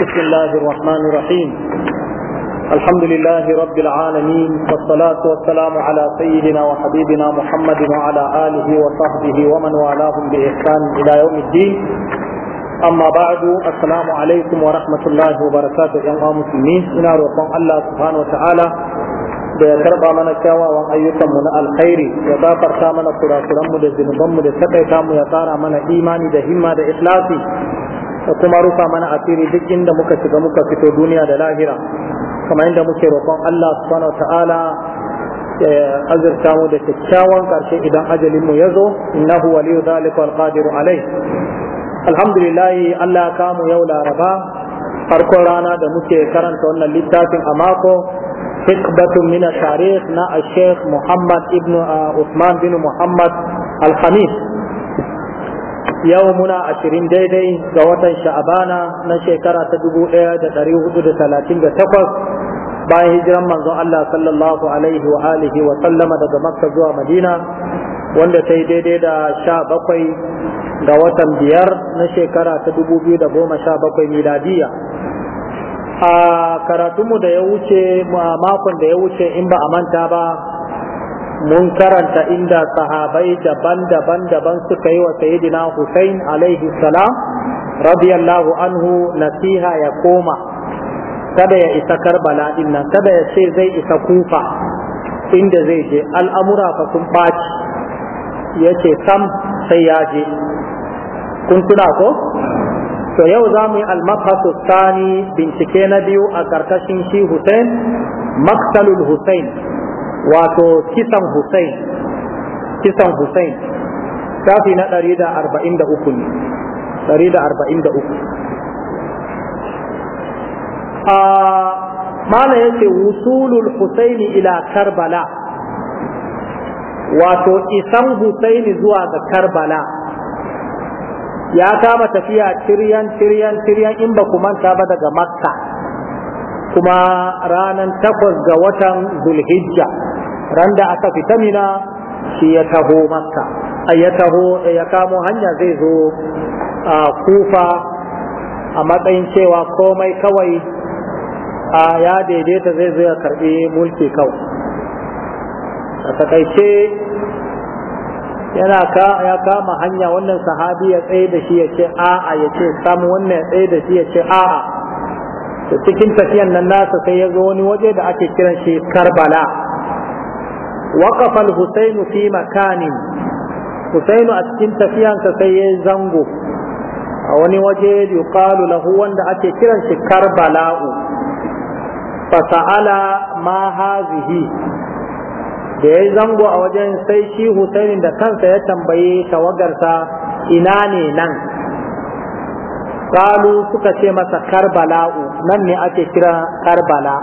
بسم الله الرحمن الرحيم الحمد لله رب العالمين والصلاة والسلام على سيدنا وحبيبنا محمد وعلى آله وصحبه ومن والاهم بإحسان إلى يوم الدين أما بعد السلام عليكم ورحمة الله وبركاته يا مسلمين إن روحهم الله سبحانه وتعالى da ya karba mana kyawawan ayyukanmu na alkhairi ya gafarta mana kurakuranmu da zunubanmu da takaita mu ya tsara mana imani da himma da ikhlasi kuma rufa mana asiri duk inda muka shiga muka fito duniya da lahira kamar inda muke roƙon Allah subhanahu wa ta'ala azurta mu da kyakkyawan karshe idan ajalin mu yazo innahu waliyu zalika wal qadiru alai alhamdulillah Allah ya mu yau laraba farkon rana da muke karanta wannan littafin a mako حقبة من التاريخ نا muhammad ibn ابن uh, bin muhammad al الخميس yau muna ashirin daidai ga watan sha'abana na shekara ta dubu ɗaya da ɗari hudu da talatin da takwas bayan hijiran manzon Allah sallallahu alaihi wa alihi wa sallama daga makka zuwa madina wanda ta yi daidai da sha bakwai ga watan biyar na shekara ta dubu biyu da goma sha bakwai miladiya a karatunmu da ya wuce makon da ya wuce in ba a manta ba mun karanta inda sahabai daban-daban daban suka yi wa sayyidina Hussein alaihi salam radiyallahu anhu nasiha ya koma kada ya isa Karbala din nan kada ya ce zai isa Kufa inda zai je al'amura fa sun baci yace sam sai ya je kun tuna ko to yau za mu yi almafasu Sani bincike na biyu a ƙarƙashin shi Hussein maktalul Hussein wato kisan Hussein kisan Hussein shafi na 143 ne 143 a mana yake wusulul Husaini ila Karbala wato isan Husaini zuwa ga Karbala ya kama tafiya ciryan ciryan ciryan in ba ku manta ba daga Makka kuma ranar takwas ga watan Zulhijja ran da aka fita mina shi ya taho makka a ya taho ya kamo hanya zai zo a kufa a matsayin cewa komai kawai a ya daidaita zai zo ya karbi mulki kawai a takaice yana ka ya kama hanya wannan sahabi ya tsaye da shi ya ce a'a ya ce samu wannan ya tsaye da shi ya ce a'a da cikin tafiyan nan nasa sai ya zo wani waje da ake kiran shi karbala waqafa al-husayn fi makanin husayn a cikin tafiyansa sai ya zango a wani waje yuqalu lahu wanda ake kiran shi karbala'u fasa'ala ma hazihi da ya zango a wajen sai shi husainin da kansa ya tambaye tawagarsa ina ne nan kalu suka ce masa karbala'u nan ne ake kira karbala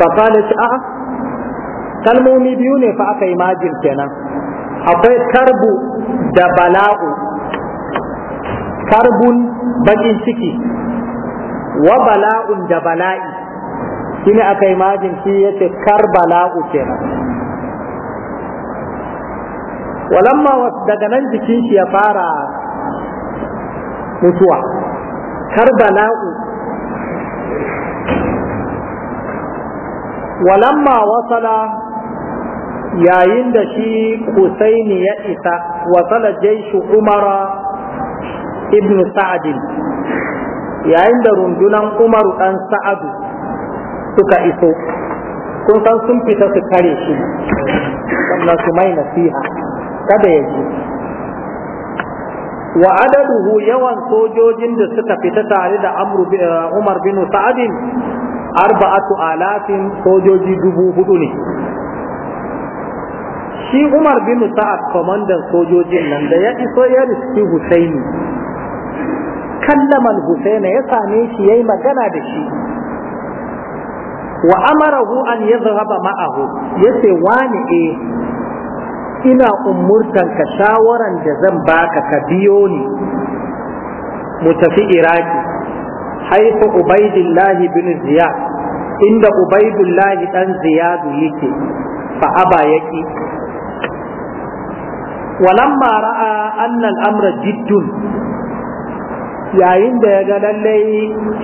fasa'ala shi a'a kalmomi biyu ne fa aka yi majin kenan akwai karbu da bala'u karbun bakin ciki wa bala'un da bala'i shi ne aka yi majin shi ya ce kar bala'u kenan walamma daga nan jikin shi ya fara mutuwa kar bala'u walamma wasala yayin da shi kusaini ya isa wasala jaishu umara ibn sa'adin yayin da rundunan umaru dan sa'adu suka iso kun san sun fita su kare shi wannan su mai nasiha kada ya ji wa adaduhu yawan sojojin da suka fita tare da umar bin sa'adin arba'atu alafin sojoji dubu hudu ne shi Umar bin Sa'ad komandan sojojin nan da ya iso ya riski Husaini kallaman Husaina ya same shi yayi magana da shi wa amarahu an yadhhaba ma'ahu ce wani e. Eh, ina umurtan ka shawaran da zan baka ka biyo ni mu tafi Iraki haifu Ubaidillahi bin Ziyad inda Ubaidullahi dan Ziyadu yake fa aba yaki walamma ra'a annal amra jiddun yayin da ya ga lallai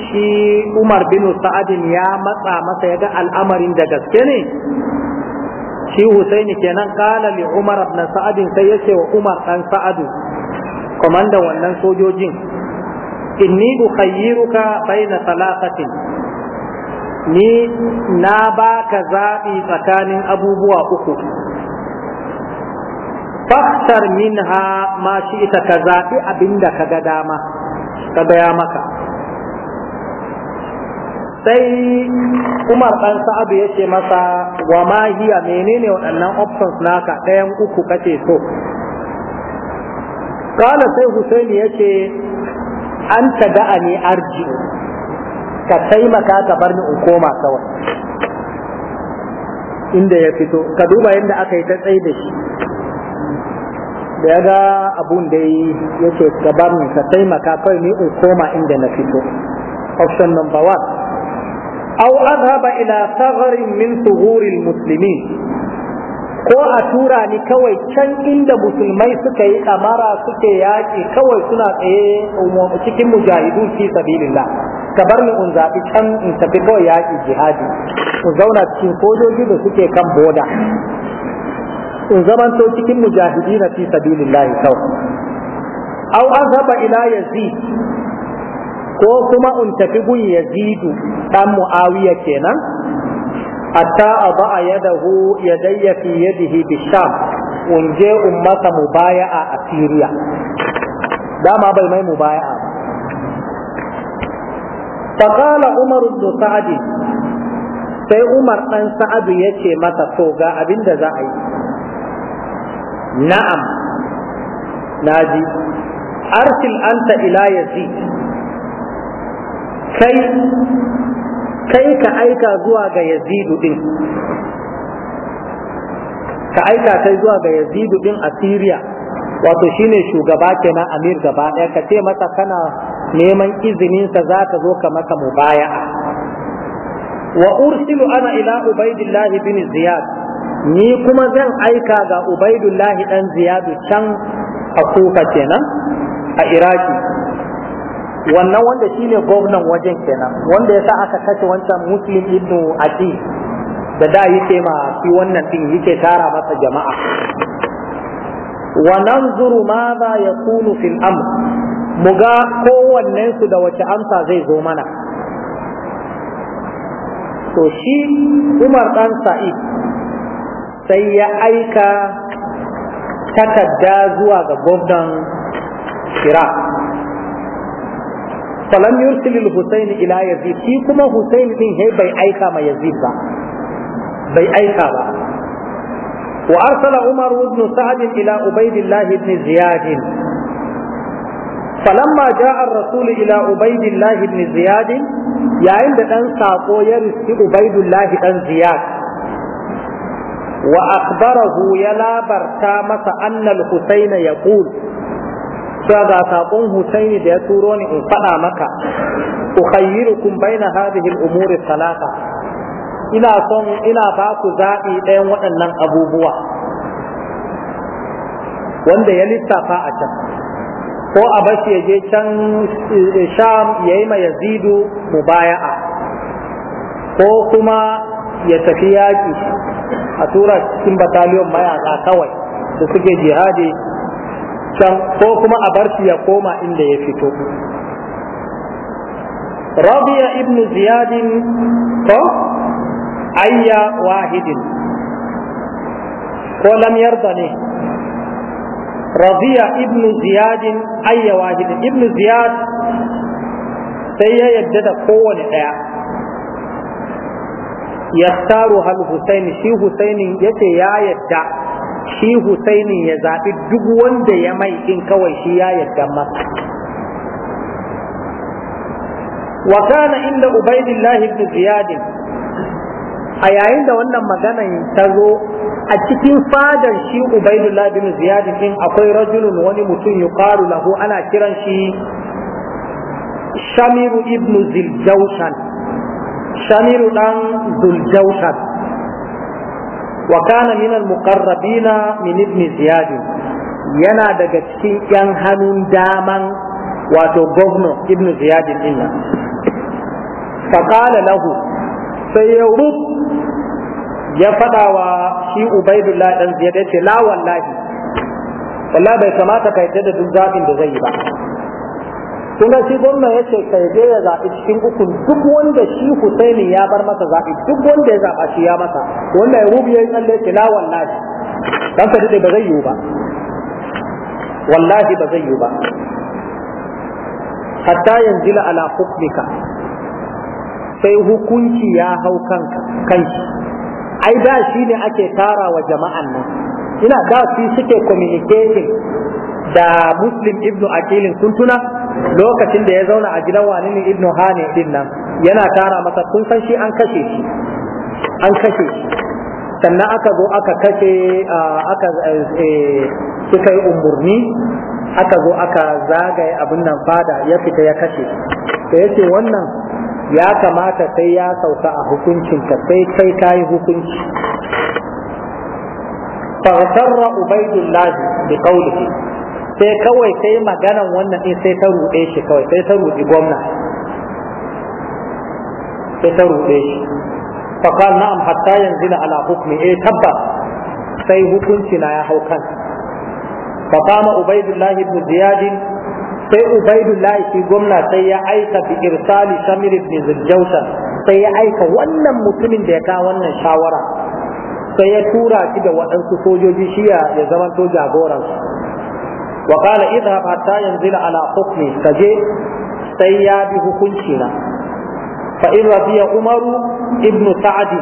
shi Umar bin Sa'adin ya matsa masa ya ga al'amarin da gaske ne shi Husaini kenan kala li Umar ibn Sa'adin sai yace wa Umar dan Sa'adu komandan wannan sojojin inni ukhayyiruka baina thalathatin ni na baka zabi tsakanin abubuwa uku faktar minha ma shi ita ka zaɓi da ka ga dama ka gaya maka sai umar ɗan sa'adu ya ce masa wa ma hiya menene waɗannan options naka ɗayan uku kace so kala sai husaini ya ce an ta da'a ne arji ka taimaka ka bar ni in koma kawai inda ya fito ka duba yadda aka yi ta tsaye da shi da ya ga abun da ya ce ka bar ni ka taimaka kawai ni in koma inda na fito option number one aw adhaba ila sagharin min sughuril muslimin ko a tura ni kawai can inda musulmai suka yi kamara suke yaƙi kawai suna tsaye cikin mujahidu fi sabilillah ka bar ni in zabi can in tafi kawai yaƙi jihadi In zauna cikin sojoji da suke kan boda in zamanto cikin mujahidi na fi sabilillahi kawai Au azhaba ila yazid ko kuma in tafi gun yazidu dan muawiya kenan hatta aba yadahu yadayya fi yadihi bisham in je in masa mubaya'a a Syria dama bai mai mubaya'a ba فقال عمر بن سعد sai Umar ɗan Sa'adu ya ce masa to ga abin da na'am naji arsil anta ila yazid kai kai ka aika zuwa ga yazidu din ka aika kai zuwa ga yazidu din a wato shine shugaba kenan Amir gaba daya ka ce masa kana neman izinin sa zaka zo ka masa mubaya wa ursilu ana ila Ubaidillah bin Ziyad ni kuma zan aika ga ubaidullahi dan ziyadu can a kuka kenan a iraki wannan wanda shine gwamnan wajen kenan wanda ya sa aka kashe wancan muslim ibnu adi da da yake ma shi wannan din yake tara masa jama'a wa nanzuru ma za kunu fil amr mu ga kowannen su da wace amsa zai zo mana to shi Umar dan Sa'id sai ya aika takarda zuwa ga gwamnan iraq falam yursilil husaini ila yazid shi kuma husaini din he bai aika ma yazid ba bai aika ba wa arsala umar ibn sa'd ila ubaydillah ibn ziyad falamma jaa ar-rasul ila ubaydillah ibn ziyad yayin da dan sako ya riski ubaydullah dan ziyad wa akhbarahu ya labarta masa annal husaina yaqul cewa ga saƙon Husaini da ya turo ni in faɗa maka, ukhayyirukum baina hadhihi al-umuri salata ina son ina ba zaɓi ɗayan waɗannan abubuwa wanda ya lissafa a can ko a bashi ya je can eh, sham ya yi ma yazidu mubaya'a ko kuma ya tafi yaƙi a tura cikin bataliyon mayaka kawai da suke jihadi can ko kuma a bar ya koma inda ya fito rabi'a ibn ziyadin ko ayya wahidin ko lam yarda ne rabi'a ibn ziyadin ayya wahidin ibn ziyad sai ya yadda da kowane ɗaya yastaru hal husaini shi husaini yace ya yadda shi husaini ya zabi duk wanda ya mai in kawai shi ya yadda masa wa kana inda ubaidillah ibn ziyad a yayin da wannan maganan ta zo a cikin fadar shi ubaidillah ibn ziyad din akwai rajulun wani mutum ya yuqalu lahu ana kiran shi shamiru ibn ziljawshan shamiru ɗan zuljaushad wa kana min al-muqarrabina min ibn ziyad yana daga cikin yan hannun daman wato governor ibn ziyad din nan fa lahu sai ya rub ya faɗawa shi ubaidullah dan ziyad ya la wallahi wallahi bai kamata ka yadda da duk zabin da zai yi ba kuma shi gwamna ya ce kai je ya zaɓi cikin uku duk wanda shi Husaini ya bar masa zaɓi duk wanda ya zaɓa shi ya masa wanda ya rubu ya yi tsalle ce na wallahi dan ka dade ba zai yiwu ba wallahi ba zai yiwu ba hatta yanzila ala hukmika sai hukunci ya hau kanka kanki ai da shi ne ake tara wa jama'an nan ina da su suke communicating da muslim Ibnu akilin kun tuna lokacin da ya zauna a gidan wani ne ibn hane din nan yana tara masa kun san shi an kashe shi an kashe sannan aka zo aka kashe aka eh, eh, suka yi umurni aka zo aka zagaye abin nan fada ya fita ya kashe da yace wannan ya kamata sai ya sauka a hukuncinka sai kai kayi hukunci فاغتر عبيد الله بقوله sai kawai sai maganan wannan ɗin sai ta ruɗe shi kawai sai ta ruɗi gwamna sai ta ruɗe shi fakal na'am hatta yanzu na ala hukmi eh tabbas sai hukunci na ya hau kan fakama ubaidullahi ibn ziyadin sai ubaidullahi shi gwamna sai ya aika bi irsali shamir ibn zuljautan sai ya aika wannan mutumin da ya ka wannan shawara sai ya tura shi da waɗansu sojoji shi ya zama to jagoransu wa qala idhhab hatta yanzila ala hukmi kaje sai ya bi hukunci na fa in rabiya umaru ibnu sa'd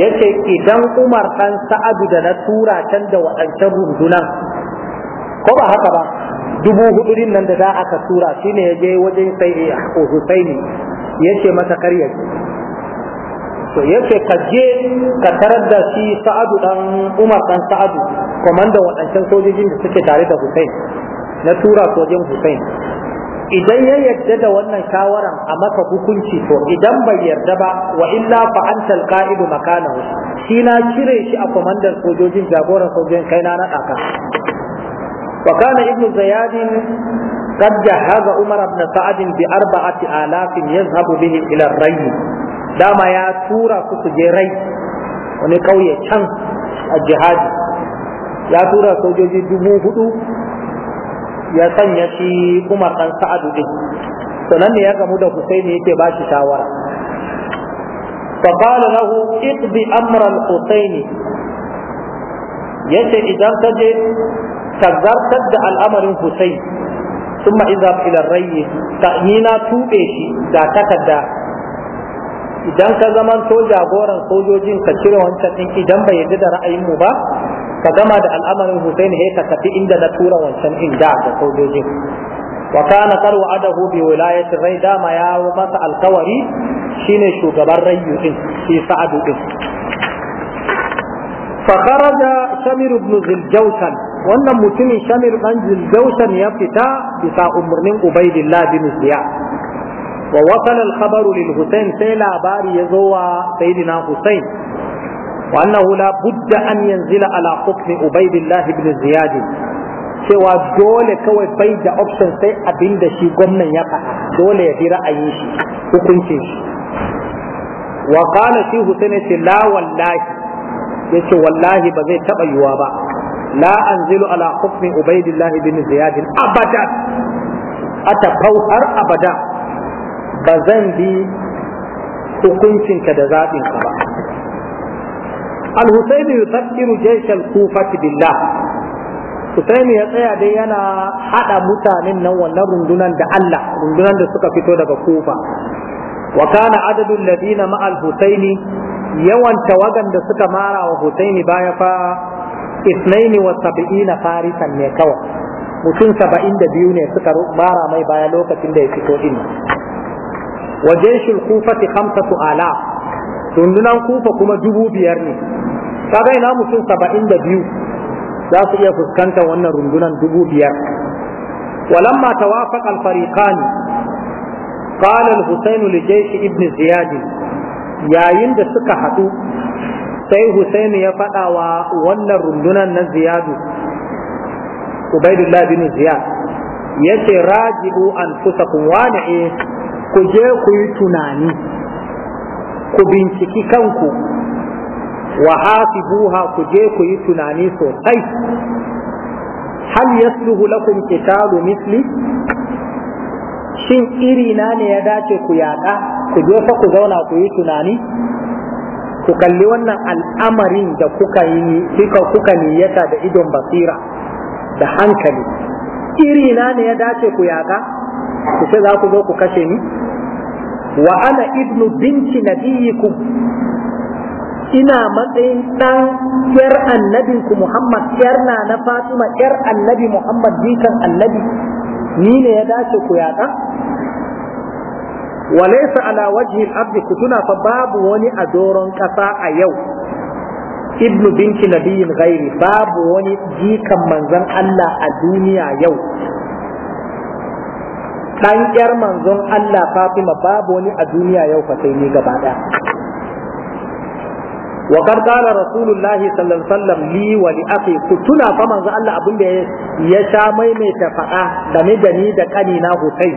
yace idan umar dan sa'adu da na tura can da wadancan rundunan ko ba haka ba dubu hudu din nan da za aka tura shine yaje wajen sai Husaini yace mata karya to yace ka je ka tarar da shi sa'adu dan umar dan sa'adu komandan waɗancan sojojin da suke tare da hussein na tura sojin hussein idan ya yarda da wannan shawaran a maka hukunci to idan bai yarda ba wa illa fa anta alqa'idu makanahu shi na cire shi a kwamandan sojojin jagoran sojojin kai na naɗa ka wa kana ibnu Umar قد جهز عمر بن سعد بأربعة آلاف يذهب به إلى الري dama ya tura ku su je rai wani kauye can a jihadi ya tura sojoji dubu hudu ya sanya shi kuma kan sa'adu din sannan ne ya gamu da husaini yake ba shi shawara فقال له اقضي امر الحسين yace idan ka je ka zartar da al'amarin Hussein summa idza ila rayyi ta ni na tube shi da takarda idan ka zaman to jagoran sojojin ka cire wancan din idan bai yarda da ra'ayin mu ba ka gama da al'amarin Hussein he ka tafi inda na tura wancan din da ga sojojin wa kana qaru adahu bi wilayati rai dama ya masa alkawari shine shugaban rayu din shi sa'adu din فخرج شمر Ibn زلجوشن wannan mutumin shamir dan ziljaushan ya fita bisa umarnin ubaidillah bin ziyad wa wasala al-khabaru lil Hussein sai labari ya zo wa sayyidina Hussein wa annahu la budda an yanzila ala hukmi Ubaydillah ibn Ziyad cewa dole kawai bai da option sai abinda shi gwamnan ya faɗa dole ya bi ra'ayin shi hukunci. shi wa qala shi Hussein ce la wallahi yace wallahi ba zai taba yiwa ba la anzilu ala hukmi Ubaydillah ibn Ziyad abada atafau har abada ba zan bi hukuncinka da zaɓinka ba al-husaini yusaffiru jaishal kufati billah husaini ya tsaya dai yana haɗa mutanen nan wannan rundunan da Allah rundunan da suka fito daga kufa wa kana adadul ladina ma'al husaini yawan tawagan da suka mara wa husaini baya fa isnaini wa sab'ina farisan ne kawai mutum saba'in da biyu ne suka mara mai baya lokacin da ya fito din wa jeshul kufati khamsatu ala rundunar kufa kuma dubu biyar ne kaga ina mutum saba'in da biyu za su iya fuskantar wannan rundunan dubu biyar walamma tawafaqa al-fariqani qala al-husayn li jaysh ibn ziyad yayin da suka hadu sai husayn ya faɗawa wa wannan rundunan na ziyadu ubaidullah bin ziyad yace raji'u anfusakum wani ku je ku yi tunani ku binciki kanku wa hafibuha ku je ku yi tunani sosai hal yasluhu lakum kitabu misli shin iri na ne ya dace ku yaɗa ku je fa ku zauna ku yi tunani ku kalli wannan al'amarin da kuka yi kuka kuka niyyata da idon basira da hankali iri na ne ya dace ku yaƙa ku ce za ku zo ku kashe ni wa ana ibnu binti nabiyikum ina matsayin ɗan ƴar annabinku Muhammad yar na na Fatima yar annabi Muhammad jikan annabi ni ne ya dace ku yaɗa wa laysa ala wajhi al-ard kutuna fa babu wani a doron ƙasa a yau ibnu binti nabiyin ghairi babu wani jikan manzon Allah a duniya yau dan yar manzon Allah Fatima babu wani a duniya yau fa sai ni gaba daya wa qad qala rasulullahi sallallahu alaihi wasallam li wa li akhi kutuna fa manzon Allah abin da ya sha mai mai ta faɗa game da ni da kanina Husayn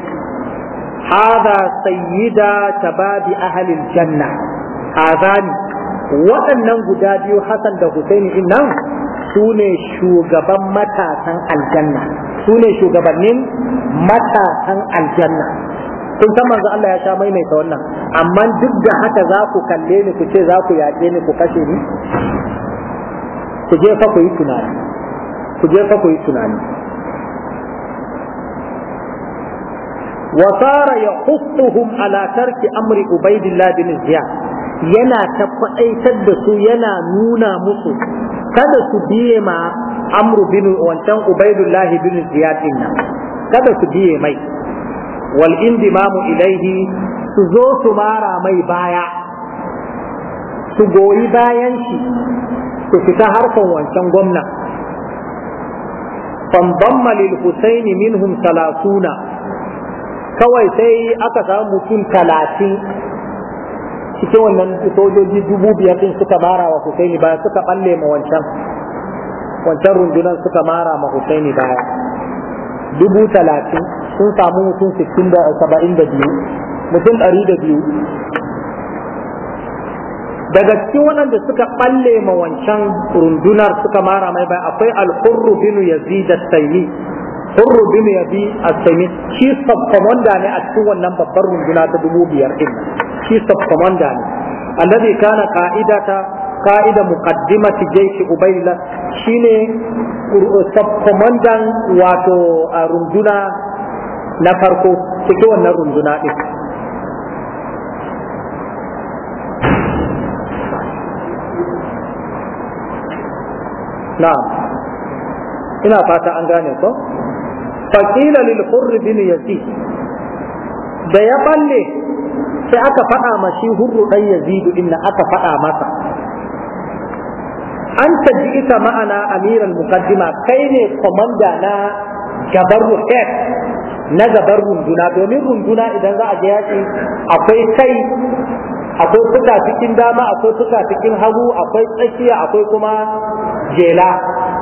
hadha sayyida tababi ahli aljanna azani waɗannan guda biyu Hassan da Husaini din nan su ne shugaban matasan aljanna su ne shugabannin matasan aljanna kun san manzo Allah ya sha maimaita wannan amma duk da haka za ku kalle ni ku ce za ku yaƙe ni ku kashe ni ku je fa ku yi tunani ku je fa ku yi tunani wa sara yahuttuhum ala tarki amri ubaidillah bin ziyad yana ta da su yana nuna musu kada su biye ma amru bin wancan ubaidullahi bin ziyad din nan kada su biye mai wal indimamu ilaihi su zo su mara mai baya su goyi bayan shi su fita harkan wancan gwamna fandamma lil husaini minhum talatuna kawai sai aka samu mutum talatin cikin wannan sojoji dubu biyar din suka mara wa Husaini baya suka balle ma wancan wancan rundunar suka mara ma Husaini baya dubu talatin sun samu mutum sittin da saba'in da biyu mutum ɗari da biyu daga cikin waɗanda suka balle ma wancan rundunar suka mara mai baya akwai al-hurru binu yazid as-saymi hurru binu yazid as saymi hurru binu yazid a saymi shi sub commander ne a cikin wannan babbar runduna ta dubu biyar din chief of commander ne alladhi kana qa'idata qa'ida muqaddimati jayshi ubayla shine sub commander wato runduna na farko cikin wannan runduna din na'am ina fata an gane ko faqila lil hurr bin yazid da ya balle sai aka faɗa ma shi hurru ɗan yazidu inna aka faɗa masa an taji ita ma'ana amiran muqaddima kai ne komanda na gabarru head na gabar runduna domin runduna idan za a je yaƙi akwai kai akwai fuka cikin dama akwai fuka cikin hagu akwai tsakiya akwai kuma jela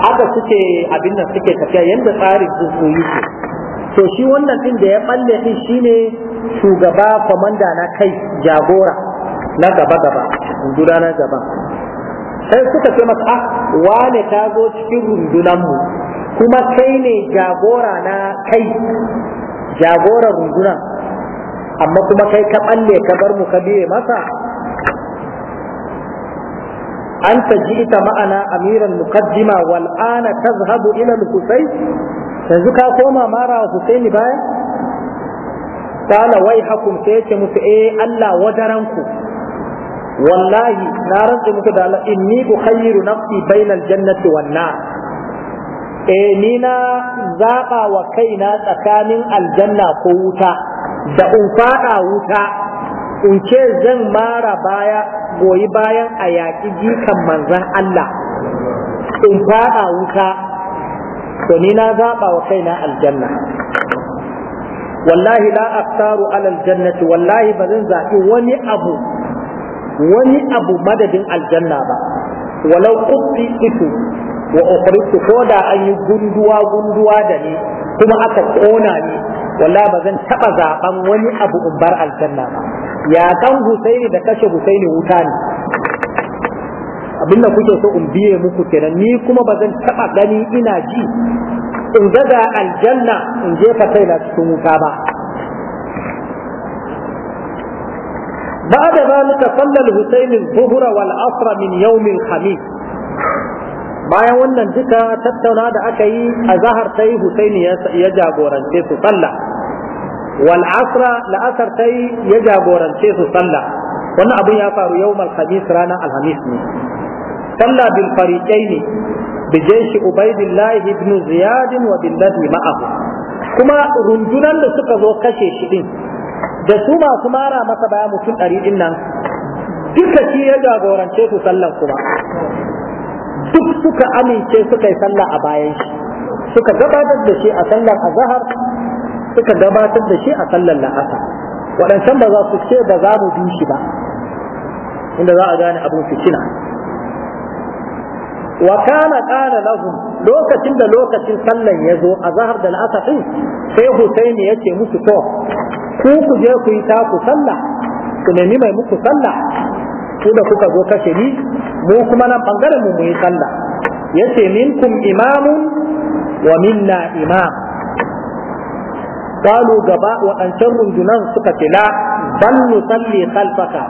haka suke abin nan suke tafiya yadda tsarin su yi to shi wannan din da ya balle din shine shugaba kwamanda na kai jagora na gaba-gaba runduna na gaba sai suka ce masa ah, wane ta zo cikin rundunanmu kuma kai ne jagora na kai jagoran runduna? amma kuma kai ka balle ka bar mu ka biye masa an ta ji ita ma'ana amiran mukaddima wal ana tazhabu ila al-husayn yanzu ka koma mara husaini baya kala wai hakum sai yace musu eh Allah wadaranku wallahi na rantsa muku da Allah inni ukhayyiru nafsi bainal jannati wan nar eh ni na zaba wa kaina tsakanin aljanna ko wuta da in fada wuta in ce zan mara baya goyi bayan a yaƙi jikan manzan Allah in fada wuta to ni na zaba wa kaina aljanna wallahi la aktaru alal jannati wallahi ba zan zaɓi wani abu wani abu madadin aljanna ba walau kuɗi itu wa ukhrijtu ko da an yi gunduwa gunduwa da ni kuma aka kona ni wallahi ba zan taɓa zaɓan wani abu in bar aljanna ba ya kan Husaini da kashe Husaini wuta ne abinda kuke so in biye muku kenan ni kuma ba zan taɓa gani ina ji in ga da aljanna in jefa kaina cikin wuta ba بعد ذلك صلى الحسين الظهر والعصر من يوم الخميس bayan wannan duka tattauna da aka yi a zahar ta yi husaini ya jagorance su sallah wal asra la'asar ta yi ya jagorance abun ya faru yau alhamis ranar alhamis ne sallah bil fariƙai ne بجيش عبيد الله بن زياد وبالذي معه كما رندنا لسكا زو كشي شدين da su masu mara masa baya mutum ɗari ɗin nan duka shi ya jagorance su sallan kuma duk suka amince suka yi sallah a bayan shi suka gabatar da shi a sallar azahar suka gabatar da shi a sallar la'asa waɗancan ba za su ce ba za mu bi shi ba inda za a gane abin fitina wa kana qala lahum lokacin da lokacin sallan ya zo a zahar da al'asafin sai Husaini ya ce musu to ku ku je ku yi taku sallah ku ni mai muku sallah ku da kuka zo kashe ni mu kuma nan bangaren mu yi sallah yace minkum imamu? wa minna imam qalu gaba wa an rundunan suka ce la bal nusalli khalfaka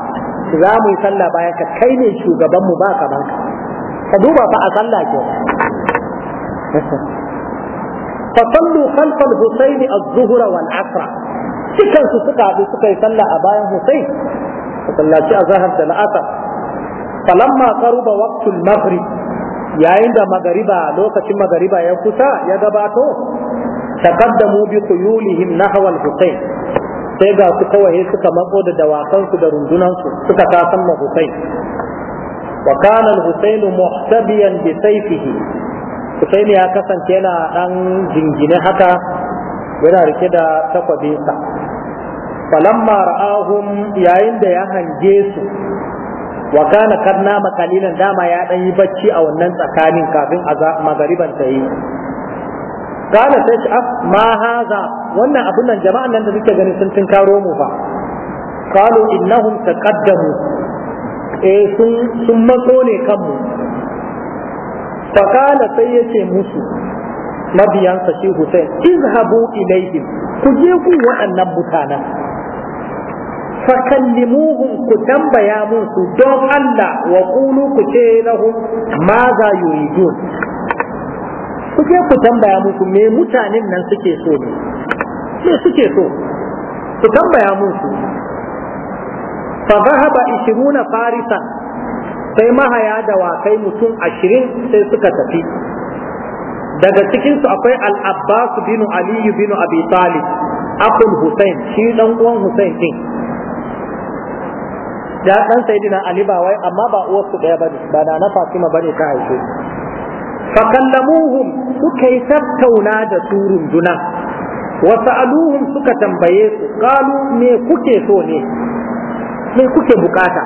za mu yi sallah bayan ka kai ne shugaban mu ba ka ka duba fa a sallah ke fa sallu khalfa al az-zuhra wal asra su suka haɗu suka yi sallah a bayan husayn sallaci zahar da la'asar falamma qaruba waqtul maghrib yayin da magariba lokacin magariba ya kusa ya gabato taqaddamu bi quyulihim nahwa al-husayn sai ga su kawai suka mako da dawakan su da rundunan su suka kasan ma husayn wa kana al-husayn muhtabiyan bi sayfihi husayn ya kasance yana dan jingine haka yana rike da takwabinsa falamma ra'ahum yayin da ya hange su wa kana kad nama dama ya dan yi bacci a wannan tsakanin kafin magariban ta yi kana sai af ma haza wannan abun nan jama'an nan da suke ganin sun tinkaro mu ba qalu innahum taqaddamu eh sun sun matso ne kanmu fakala sai ce musu mabiyansa shi Hussein izhabu ilaihim ku je ku waɗannan mutanen fakallimuhum ku tambaya musu don Allah wa qulu ku ce lahum ma za yuridun ku je ku tambaya musu me mutanen nan suke so ne me suke so ku tambaya musu fa zahaba 20 farisan sai mahaya da wakai mutum 20 sai suka tafi daga cikinsu akwai al-abbas bin ali bin abi talib akul Hussein shi dan uwan Hussein din da dan sayyidina Ali ba wai amma ba uwar su daya bane ba na Fatima bane ta haife fa kallamuhum suka yi tattauna da su runduna wa sa'aluhum suka tambaye su qalu me kuke so ne me kuke bukata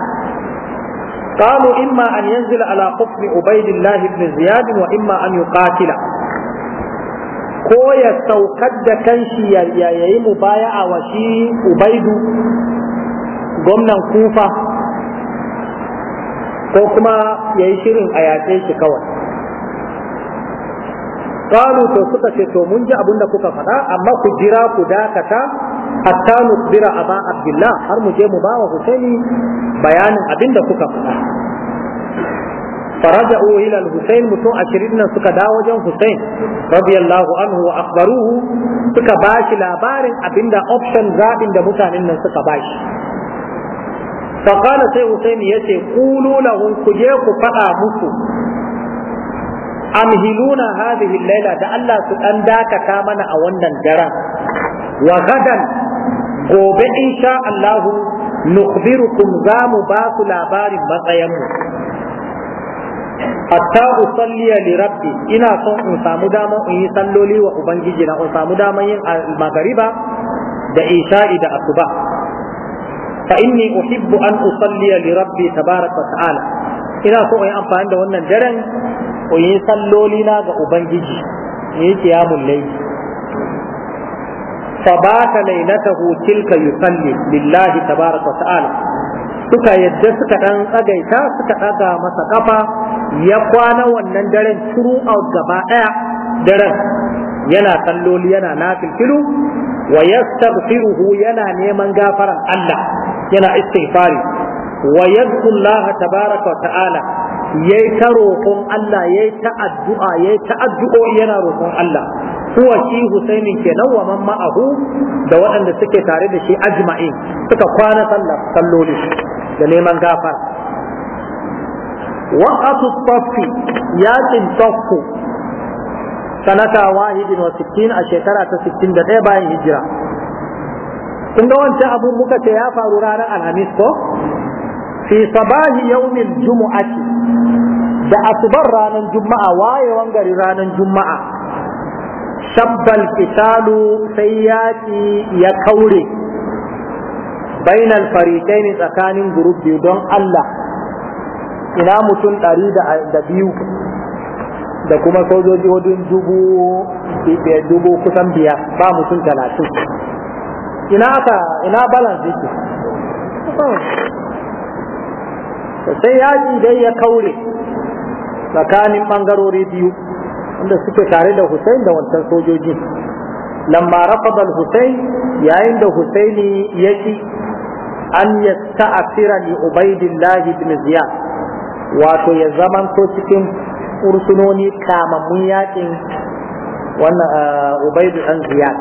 قالوا إما أن ينزل على قصر عبيد الله بن زياد وإما أن يقاتل ko ya saukar da kanshi ya yi mu baya a washi ubaidu gwamnan kufa ko kuma ya yi shirin a yace shi kawai ƙalu to suka ce to mun ji abin da kuka faɗa amma ku jira ku dakata hatta bira aba abdullah har muje mu bawa wa husaini bayanin abin da kuka faɗa faraja'u ila al mutum 20 nan suka dawo wajen husayn radiyallahu anhu wa akhbaruhu suka bashi labarin abinda option zabin da mutanen nan suka bashi faqala sai husayn yace qulu lahu kuje ku faɗa musu, amhiluna hadhihi al-laila da Allah su ɗan dakata mana a wannan daren wa gadan gobe insha Allahu nukhbirukum za mu ba ku labarin matsayinmu hatta usalliya li rabbi ina son in samu dama in yi salloli wa ubangiji na in samu dama yin magariba da isha'i da asuba fa inni uhibbu an usalliya li rabbi tabaraka ta'ala ina so in amfani da wannan daren in yi salloli na ga ubangiji in yi qiyamul layl فبات ليلته تلك يصلي لله تبارك وتعالى suka yadda suka ɗan tsagaita suka ɗaga masa ƙafa, ya kwana wannan daren a gaba ɗaya. daren yana kalloli yana nafilfilu wa yastaghfiruhu yana neman gafaran Allah yana istighfari wa tabaraka wa ta'ala yayi ta roƙon Allah yayi ta addu'a yai ta addu'o'i yana roƙon Allah huwa shi husainin nan wa man ma'ahu da waɗanda suke tare da shi ajma'i suka kwana sallar salloli da neman gafara waqatu ya yakin taffu sanata wahidin wa sittin a shekara ta sittin da ɗaya bayan hijira kun ga wancan abun muka ce ya faru ranar alhamis ko fi sabahi yawmin jumu'ati da asubar ranar juma'a wayewan gari ranar juma'a shabbal kitalu sai yaki ya kaure bainal fariqaini tsakanin group don Allah ina mutum ɗari da biyu da kuma sojoji wajen dubu dubu kusan biyar ba mutum talatin ina aka ina balance yake sai yaji dai ya kaure tsakanin ɓangarori biyu wanda suke tare da Hussein da wancan sojoji lamma rafad al-Hussein yayin da Husaini yaki an yasta'fira li Ubaydillah ibn Ziyad wato ya zamanto cikin ursunoni kamammun yakin wannan uh, Ubayd ibn Ziyad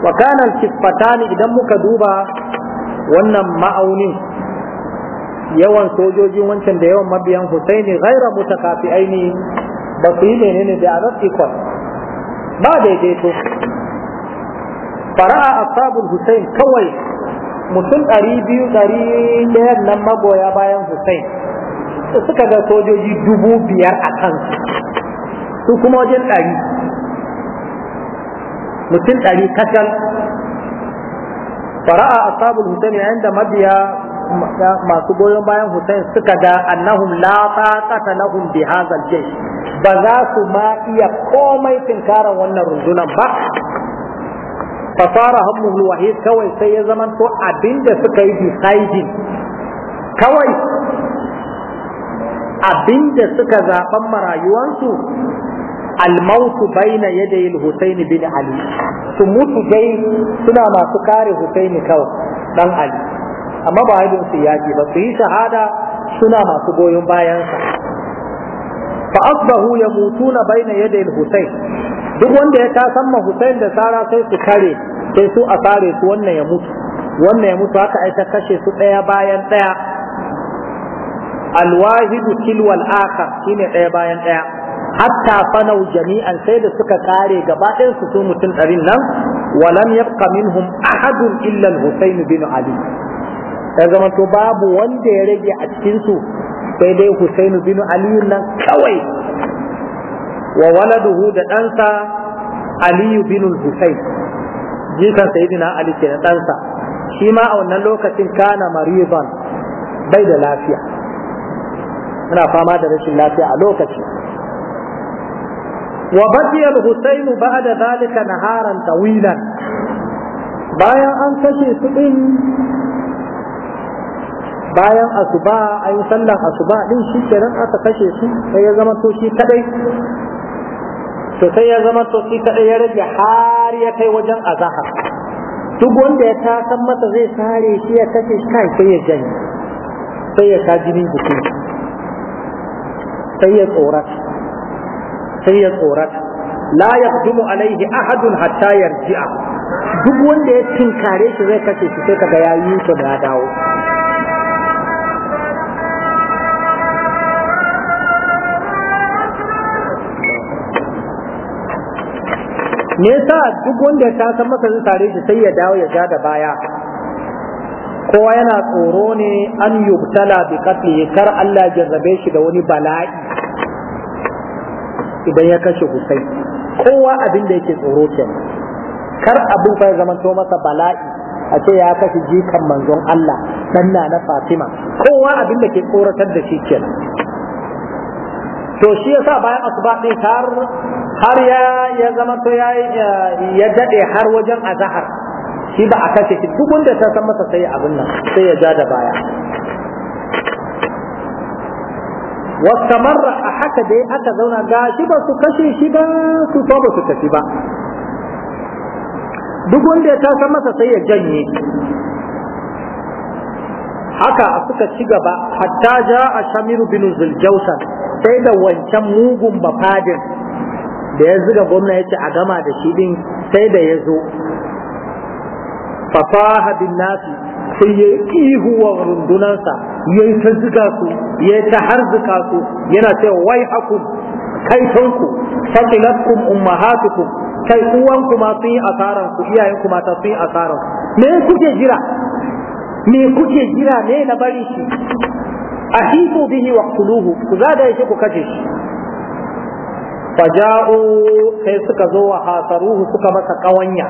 wa kana al-kifatani idan muka duba wannan ma'aunin yawan sojojin wancan da yawan mabiyan Husaini ghaira ainihi. ba su yi menene da a not ba daidaito fara'a ashabul Hussein kawai mutum ɗari biyu ɗari ɗayan nan magoya bayan Hussein suka ga sojoji dubu biyar a kansu su kuma wajen ɗari mutum ɗari kacal fara'a ashabul Hussein yayin da mabiya masu goyon bayan Hussein suka ga annahum la taqata lahum bi hadzal jaysh ba za su ma iya komai tinkarar wannan rundunan ba fasara hammuhu wahid kawai sai ya zama to abinda suka yi deciding kawai abinda suka zaban marayuwansu almautu baina yadayi Husaini bin Ali su mutu dai suna masu kare Husaini kawai dan Ali amma ba haidun su yaki ba su yi shahada suna masu goyon bayansa fa asbahu yamutuna bayna yaday al duk wanda ya tasamma Husain da sara sai su kare sai su a sare su wannan ya mutu wannan ya mutu haka ai ta kashe su daya bayan daya alwahidu kilwal akhar shine daya bayan daya hatta fanau jami'an sai da suka kare gaba ɗayan su su mutum ɗarin nan walam yabqa minhum ahadun illa al-husayn bin ali sai zama to babu wanda ya rage a cikin su sai dai Husainu bin Aliyu nan kawai wa waladuhu da ɗansa Aliyu bin Husain jikan sayyidina Ali ke ɗansa shi ma a wannan lokacin kana mariban bai da lafiya muna fama da rashin lafiya a lokaci wa baqiya al-Husayn ba'da dhalika naharan tawilan bayan an kashe su din bayan asuba an yi sallan asuba din shi kenan aka kashe su sai ya zama to shi kadai to sai ya zama to shi kadai ya rage har ya kai wajen azahar duk wanda ya tasan masa zai sare shi ya kashe shi kai sai ya janye sai ya ta jinin jiki sai ya tsorata sai ya tsorata la yaqdumu alaihi ahadun hatta yarji'a duk wanda ya tinkare shi zai kashe shi sai kaga ya yi to da ya dawo me yasa duk wanda ya san masa zai tare shi sai ya dawo ya ja da baya kowa yana tsoro ne an yubtala bi qatli kar Allah jarrabe shi da wani bala'i idan ya kashe Hussein kowa abin da yake tsoro kenan kar abin fa ya zama to masa bala'i a ce ya kashe jikan manzon Allah dan na Fatima kowa abin da ke tsoratar da shi kenan to shi yasa bayan asuba din tar har ya ya zama to ya ya dade har wajen azhar shi ba a kashe shi duk wanda ta san masa sai abin nan sai ya ja da baya wastamarra a haka dai aka zauna ga shi ba su kashe shi ba su ba su tafi ba duk wanda ya san masa sai ya janye haka suka ci gaba hatta ja a shamiru bin zuljausan sai da wancan mugun bafadin da ya zuga gwamna ya ce a gama da shi din sai da ya zo Fasaha bin nasi sai ya ihu wa rundunansa ya yi ta zuga su ya yi ta harzuka su yana cewa wai hakum kai tonku faqilatkum ummahatukum kai uwanku ma sun yi asaran ku iyayenku mata sun yi asaran me kuke jira me kuke jira ne na bari shi ahitu bihi waqtuluhu ku zaga yake ku kace shi faja'u sai suka zo wa hasaruhu suka masa kawanya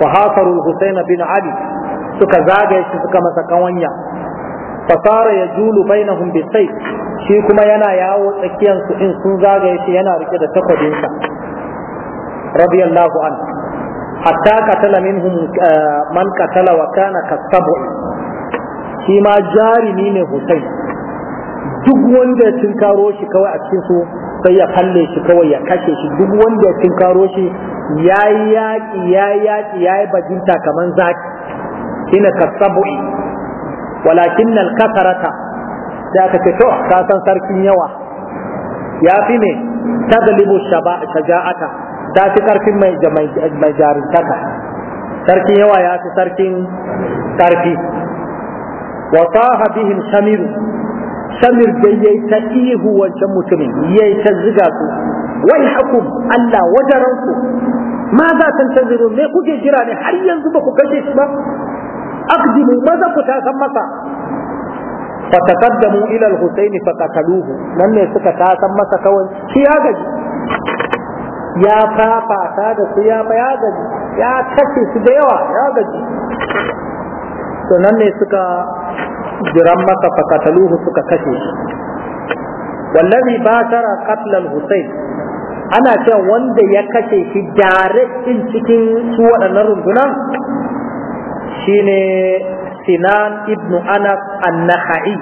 wa hasaru Husaina bin Ali suka zagaye shi suka masa kawanya fasara ya julu bainahum bi sai shi kuma yana yawo tsakiyar su in sun zagaye shi yana rike da takwabinsa radiyallahu an hatta katala minhum eh, man katala wa kana kasabu shi ma jarimi ne Husain duk wanda ya karo shi kawai a cikin su sai ya falle shi kawai ya kashe shi duk wanda ya karo shi ya yi yaƙi ya yi yaƙi ya yi bajinta kamar zaki shine kasabu'i walakin nan kasarata da aka ce to ka san sarkin yawa ya fi ne dalibu shaja'ata ta fi karfin mai jarintaka sarkin yawa ya fi sarkin karfi wa taha bihim shamiru samir da ya yi ta ihu wancan mutumin ya yi ta ziga su wai hakum Allah wajaranku ma za ta tanziru me kuke jira ne har yanzu ba ku kashe shi ba aqdimu maza ku ta san masa fataqaddamu ila al-husayn fataqaluhu nan ne suka ta san masa kawai shi ya gaji ya fafata da su ya fa ya gaji ya kashe su da yawa ya gaji to nan ne suka jiran masa fakataluhu suka kashe shi wallazi batara qatlal husayn ana cewa wanda ya kashe shi direct cikin su waɗannan runguna shine Sinan ibn Anas an-Nakhai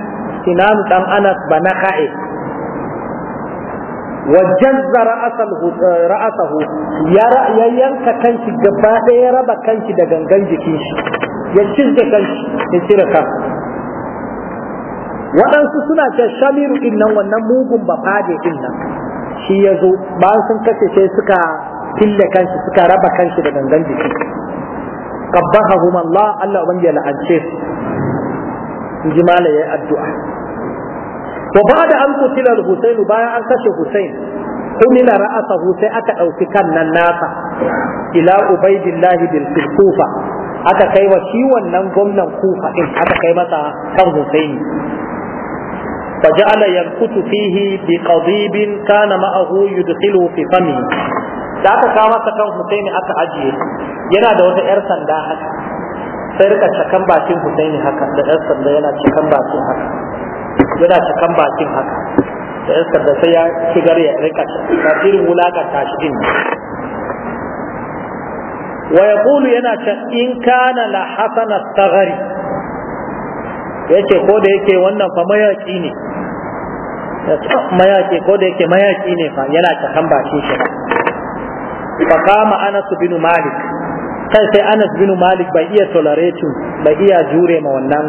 Sinan dan Anas ba Nakhai wajazza ra'asahu ra'asahu ya yanka kanshi gaba ɗaya raba kanshi da gangan jikin shi ya cinje kanshi ya cire kanshi waɗansu suna ce shamiru din nan wannan mugun ba fade din nan shi ya zo bayan sun kace sai suka fille kanshi suka raba kanshi da gangan jiki qabbahum Allah Allah ubangi ya la'ance su ji mala addu'a to ba'da an qutila al-Husayn bayan an kashe Husayn humila ra'asahu sai aka ɗauki kan nan nasa ila ubaidillahi bil kufa aka kai wa shi wannan gwamnan kufa din aka kai masa kan Husaini فجعل ينكت فيه بقضيب كان معه يدخله في فمه da aka kawo masa kan Husaini aka ajiye yana da wata yar sanda haka sai rika cakan bakin Husaini haka da yar sanda yana cakan bakin haka yana cakan bakin haka da yar sanda sai ya shigar ya rika tasirin wulakar tashi din wa yaqulu yana ce in kana la hasana tagari yace ko da yake wannan fa mayaki ne mayaki ko da yake mayaki ne fa yana ta kan bakin shi fa kama anas bin malik sai sai anas bin malik bai iya tolerate bai iya jure ma wannan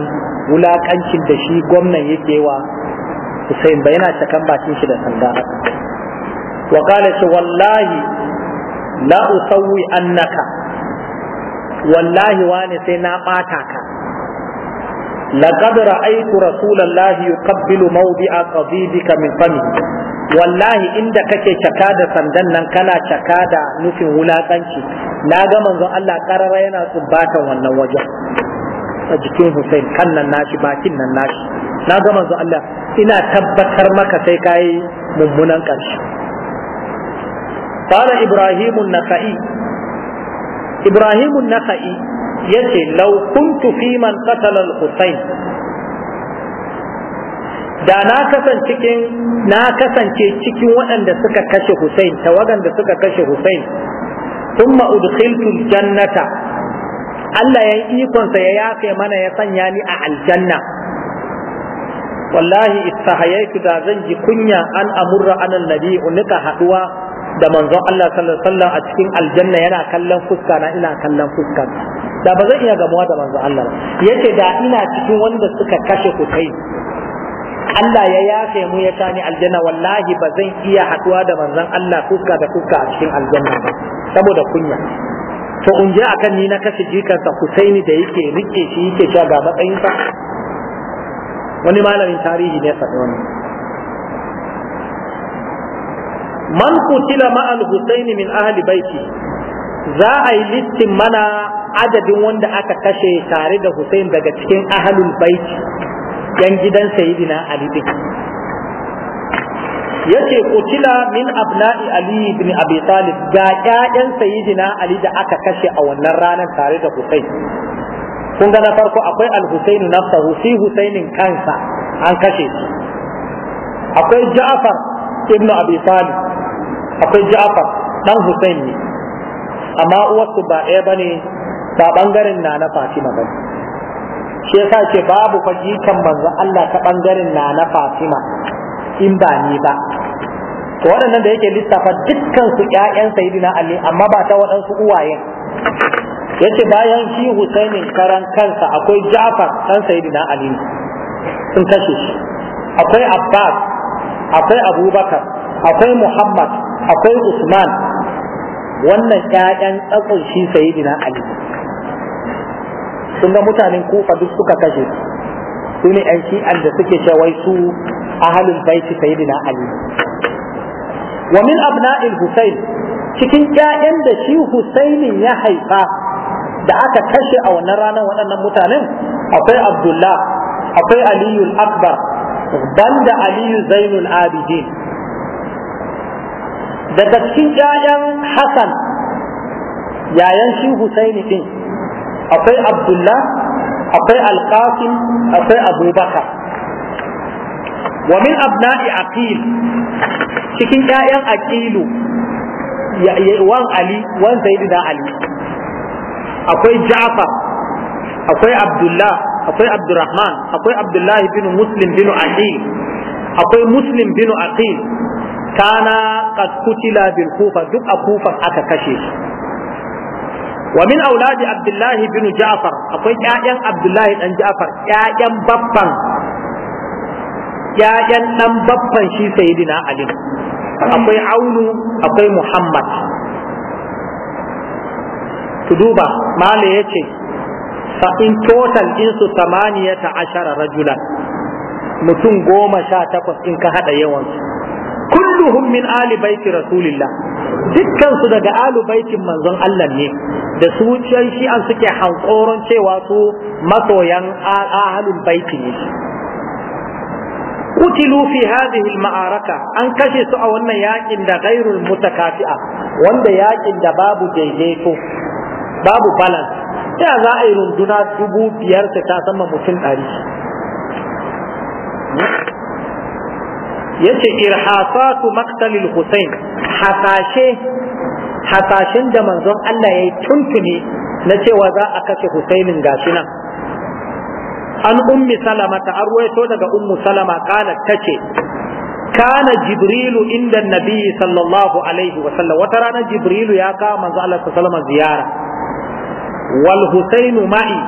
wulakancin da shi gwamnan yake wa Hussein ba yana ta kan bakin shi da sanda wa qala shi wallahi la usawwi annaka wallahi wani sai na bata ka laqad ra'aytu rasulallahi yuqabbilu mawdi'a qadibika min famihi wallahi inda kake caka da sandan nan kana caka da nufin wulakanci na ga manzon Allah karara yana tsubbatan wannan wajen a jikin Hussein kan nan nashi bakin nan nashi na ga manzon Allah ina tabbatar maka sai kai mummunan karshe qala yace law kuntu fi man qatala al da na kasance cikin na kasance cikin waɗanda suka kashe Hussain ta waɗanda suka kashe Hussain. thumma udkhiltu al-jannata Allah ya yi ikonsa ya yafe mana ya sanya ni a aljanna wallahi istahayaitu da zan ji kunya an amurra anan nabi unika haduwa da manzon Allah sallallahu alaihi wasallam a cikin aljanna yana kallon fuska na ina kallon fuskar da ba zan iya gamuwa da manzon Allah yace da ina cikin wanda suka kashe ku kai Allah ya yafe mu ya tani aljanna wallahi ba zan iya haduwa da manzon Allah fuska da fuska a cikin aljanna ba saboda kunya to in je akan ni na kashe jikarsa Husaini da yake rike shi yake cewa ga matsayinsa wani malamin tarihi ne ya faɗi wannan man kutila al husaini min ahli baiti za a yi listin mana adadin wanda aka kashe tare da husain daga cikin ahalul baiti yan gidan sayidina Ali din yace kutila min abna'i Ali ibn Abi Talib ga ƴaƴan sayidina Ali da aka kashe a wannan ranar tare da husain kun ga na farko akwai al-Husainu nafsahu fi Husainin kansa an kashe shi akwai Ja'far ibn abi talib akwai ja'far ɗan husain ne amma uwarsu ba ɗaya bane ba ɓangaren na na fatima bane shi yasa ce babu fajikan manzo Allah ta ɓangaren na na fatima in ba ni ba to waɗannan da yake lissafa dukkan su ƴaƴan sayyidina ali amma ba ta waɗansu uwayen yace bayan shi husainin karan kansa akwai ja'far dan sayyidina ali sun kashe shi akwai abbas akwai abubakar akwai muhammad akwai usman wannan ƴaƴan tsakon shi sayyidina ali sun ga mutanen kufa duk suka kashe su ne ƴan shi'an da suke shawai su ahalin baiti sayyidina ali wa min abna'il husayn cikin ƴaƴan da shi husainin ya haifa da aka kashe a wannan ranar waɗannan mutanen akwai abdullah akwai Aliyu, akbar banda aliyu zainul abidin daga cikin ƴaƴan Hassan yayan shi Husaini din akwai Abdullah akwai Alƙasim akwai Abubakar wa min abna'i Aqil cikin ƴaƴan Aqilu wan Ali wan Sayyidina Ali akwai Ja'far akwai Abdullah akwai abdurrahman akwai abdullahi binu muslim binu aqil akwai muslim binu aqil kana qad kutila bil kufa duk a kufa aka kashe shi wa min auladi abdullahi binu ja'far akwai ƴaƴan abdullahi dan ja'far ƴaƴan babban ƴaƴan dan babban shi sayyidina ali akwai aunu akwai muhammad ku duba mala yace fa in total insu samaniyata ashara rajulan mutum goma sha takwas in ka haɗa yawansu kulluhum min ali baiti rasulillah dukkansu daga alu baitin manzon Allah ne da su wuciyar shi'an suke hankoron cewa su masoyan ahalul baiti ne kutilu fi hadhihi al-ma'araka an kashe su a wannan yakin da ghairul mutakafi'a wanda yakin da babu daidaito babu balance ta za a yi runduna dubu biyar ta ta sama mutum ɗari yace irhasatu maktalil Hussein hasashe hasashen da manzon Allah ya yi tuntuni na cewa za a kashe Husainin gashi nan an ummi salama ta daga ummu salama kana tace kana jibrilu inda nabi sallallahu alaihi wa sallam wata rana jibrilu ya kama manzo Allah sallallahu alaihi ziyara wal husainu ma'i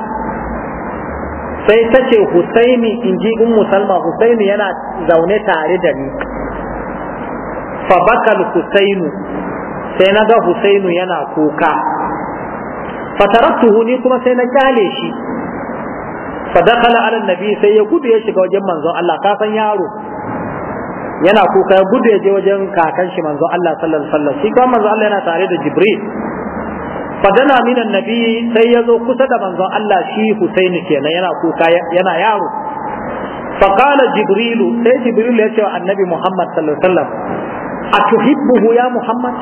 sai ta ce husaini in ji in musalma husaini yana zaune tare da ni fa bakal husainu sai na ga husainu yana kuka Fa fatarattuhu ni kuma sai na kyale shi fa dakala ala nabi sai ya gudu ya shiga wajen manzon Allah ka san yaro yana kuka ya gudu ya je wajen kakan shi manzon Allah sallallahu alaihi wasallam shi kuma manzon Allah yana tare da Jibril fadana minan nabi sai ya zo kusa da manzon Allah shi Husain kenan yana kuka yana yaro faqala jibril sai jibril ya ce wa annabi muhammad sallallahu alaihi wasallam atuhibbuhu ya muhammad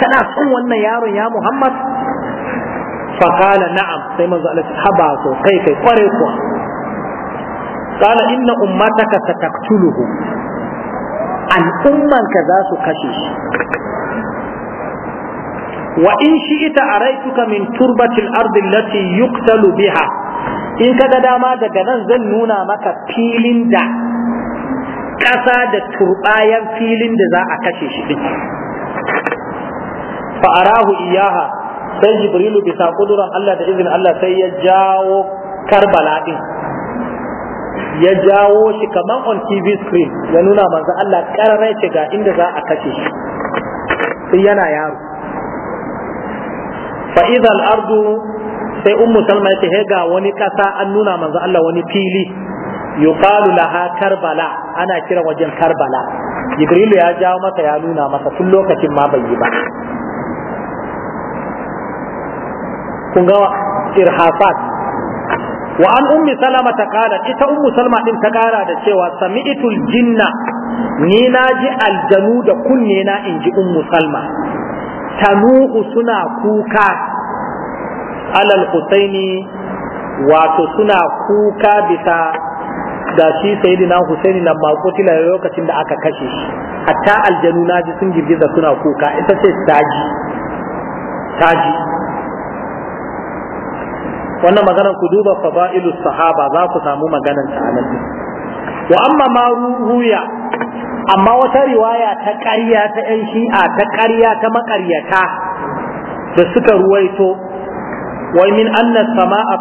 kana son wannan yaron ya muhammad faqala na'am sai manzon Allah haba so kai kai kware kuwa qala inna ummataka sataqtuluhu al ummanka za su kashe wa in ita araituka min turbatil ardi allati yuqtalu lubiha, in kaga dama daga nan zan nuna maka filin da ƙasa da turbayan filin da za a kashe shi din iyaha sai jibrilu bisa kuduran Allah da izin Allah sai ya jawo karbala din ya jawo shi kamar on TV screen ya nuna manzo Allah kararrai ce ga inda za a kashe shi sai yana yaro fa idan ardu sai ummu salma ta hega wani kasa an nuna manzo Allah wani fili yuqalu laha karbala ana kiran wajen karbala jibril ya jawo masa ya nuna masa tun lokacin ma bai yi ba kun ga irhafat wa an ummi salama ta kara ita ummu salma din ta kara da cewa sami'tul jinna ni na ji aljanu da kunne na in ji ummu salma tanu'u suna kuka alal husaini wato suna kuka bisa da shi sayyidina husaini lamma kutila lokacin da aka kashe shi hatta aljanu naji sun girgiza suna kuka ita ce taji taji wannan maganar ku duba fada'ilu sahaba za ku samu maganar ta wa amma ma ruya amma wata riwaya ta ƙarya ta 'yan shi'a ta ƙarya ta maƙaryata da suka ruwaito wai min annas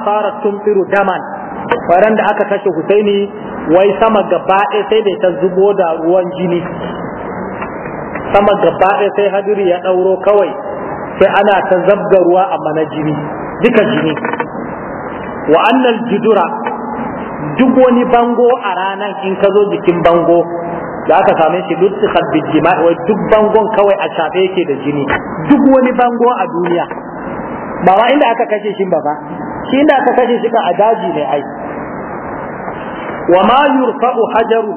fara sun tumfiru daman faran da aka kashe Husaini wai sama gaba ɗaya sai da ta zubo da ruwan jini sama gaba ɗaya sai hadiri ya ɗauro kawai sai ana ta zabga ruwa amma na jini duka jini wa annal jidura duk wani bango a ranar in ka zo jikin bango da aka same shi lutsikhat bil jima'i wai duk bangon kawai a shafe yake da jini duk wani bango a duniya ba wa inda aka kashe shi ba fa shi inda aka kashe shi ba a daji ne ai wa ma yurfa'u hajaru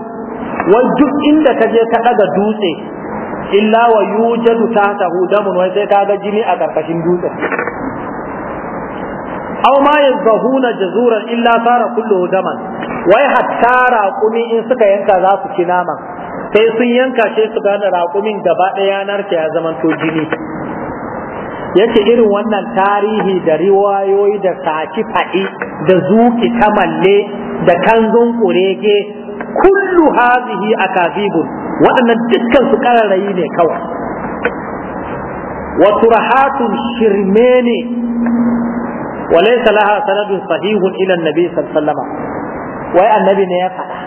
wai duk inda ka je ka daga dutse illa wa yujadu tahtahu damun wai sai ka ga jini a karkashin dutse aw ma yazbahuna jazuran illa fara kullu daman wai hatta raƙumi in suka yanka za su ci naman sai sun yanka sai su gane raƙumin gaba ɗaya yanar ta ya zamanto jini yake irin wannan tarihi da riwayoyi da saci faɗi da zuki kamalle da kanzon kurege kullu hazihi akazibun waɗannan dukkan su kararrayi ne kawai wa turahatun shirme ne wa laysa laha sanadun sahihun ila annabi sallallahu alaihi wasallam wai annabi ne ya faɗa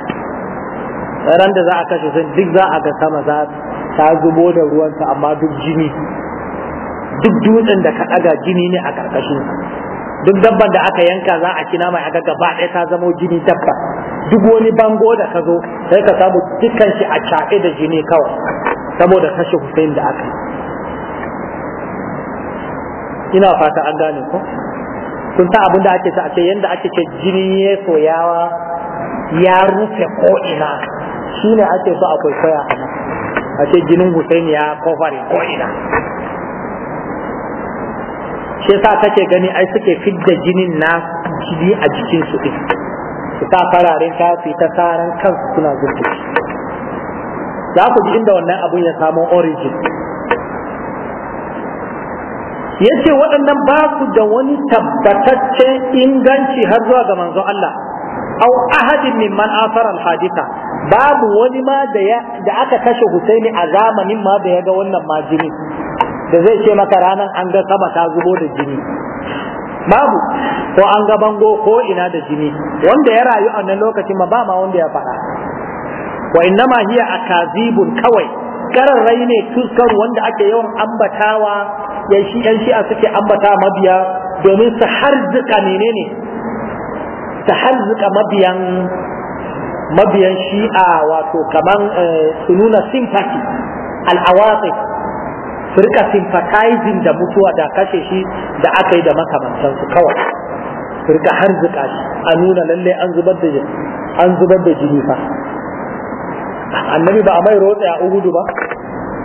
ran da za a kashe sun duk za a ga sama za ta zubo da ruwansa, amma duk jini duk dutsen da ka ɗaga jini ne a ƙarƙashin duk dabban da aka yanka za a kina mai aka gaba ɗaya ta zamo jini dabba duk wani bango da ka zo sai ka samu dukkan shi a caɓe da jini kawai saboda kashe Hussein da aka ina fata an gane ko sun ta abin da ake ta a ce yanda ake ce jini ya soyawa ya rufe ko ina shi ne ake so a kwaikwaya a nan a ce jinin Hussein ya kofare ko ina shi yasa kake gani ai suke fidda jinin na jini a jikin su ɗin su ta fararen kafi ta karan kansu suna zurfi za ku ji inda wannan abun ya samo origin ya ce waɗannan ba ku da wani tabbataccen inganci har zuwa ga manzon Allah aw ahadin mimman asara alhadisa babu wani ma da aka kashe Husaini a zamanin ma da ya ga wannan ma da zai ce maka ranar an ga sama ta zubo da jini babu ko an ga bango ko ina da jini wanda ya rayu a nan lokacin ma ba ma wanda ya faɗa wa innama hiya akazibun kawai kararrai ne tuskar wanda ake yawan ambatawa yan shi yan shi'a suke ambata mabiya domin su harzuka menene ta hanzuka mabiyan mabiyan shi'a wato kaman eh, su nuna sympathy al'awatsi su rika sympathizing da mutuwa da kashe shi da aka yi da makamantansu kawai su rika hanzuka shi a nuna lalle an zubar da an zubar da jini fa annabi ba a mai rotsa a uhudu ba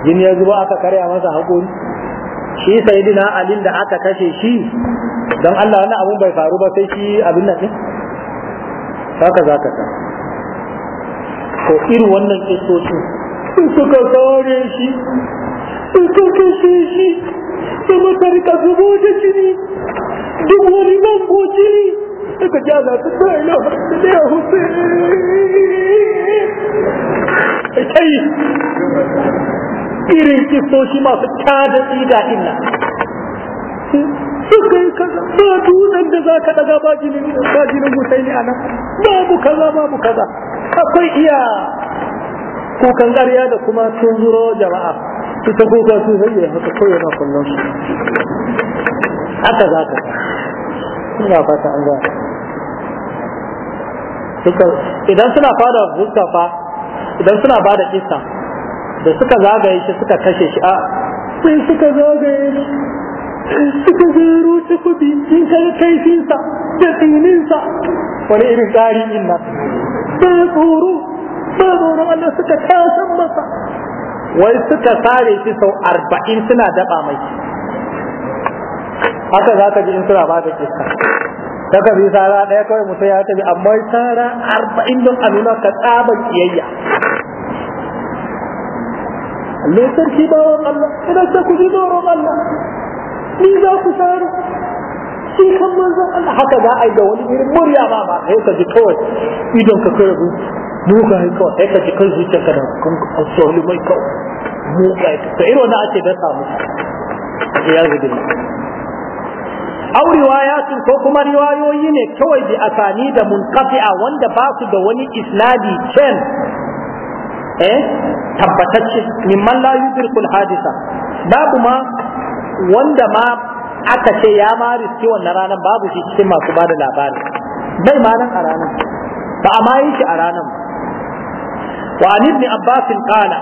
jini ya zuba aka karya masa haƙuri shi sayidina alin da aka kashe shi don Allah wannan abun bai faru ba sai shi abin nan ne haka za ka ta ko irin wannan kisoshin in suka saurin shi in ka shi shi da matarika zubo da jini duk wani bango jini suka ja za su sa ila da ya husaini kai irin kisoshi masu kada tsida ina kai kaza ba dutsen da za ka daga ba jinin ba jinin husaini a nan babu kaza babu kaza akwai iya kukan ƙarya da kuma sun zuro jama'a su ta kuka su hayyar haka kawai na kullum su haka za ka ina fata an ga idan suna fada fuska fa idan suna ba da kisa da suka zagaye shi suka kashe shi a sai suka zagaye shi suka zaro takobi in ka ga kaifinsa da tsininsa wani irin tsari in nan ba tsoro ba tsoro Allah suka kasan masa wai suka sare shi sau arba'in suna daba mai haka za ka ji in suna ba da kisa ta ka bi sara ɗaya kawai mutum ya tafi amma sara arba'in don a nuna ka tsaba kiyayya Allah sarki bawan Allah ina ta ku ji tsoron Allah ni za ku sayar shi kan manzon Allah haka za a yi da wani irin murya ba ba sai ka ji kawai idon ka kai rabu muka yi kawai sai ka ji kan zuciyar ka da kan alsohli mai kawai muka yi to irin wannan ake dasa musu ya zubi aw riwayatun ko kuma riwayoyi ne kawai bi asani da munqati'a wanda ba su da wani isnadi chain eh tabbatacce mimman la yudrikul hadisa babu ma wanda ma aka ce ya ma riske wannan ranar babu shi cikin masu bada labari bai ma nan a ranar ba a ma yi shi a ranar wa an ibn abbas qala